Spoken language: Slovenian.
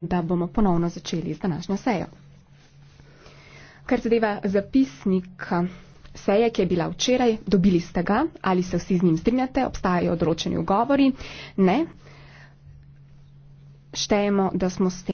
da bomo ponovno začeli z današnjo sejo. Kar zadeva zapisnik seje, ki je bila včeraj, dobili ste ga, ali se vsi z njim strinjate, obstajajo odročeni ugovori, ne. Štejemo, da smo s tem.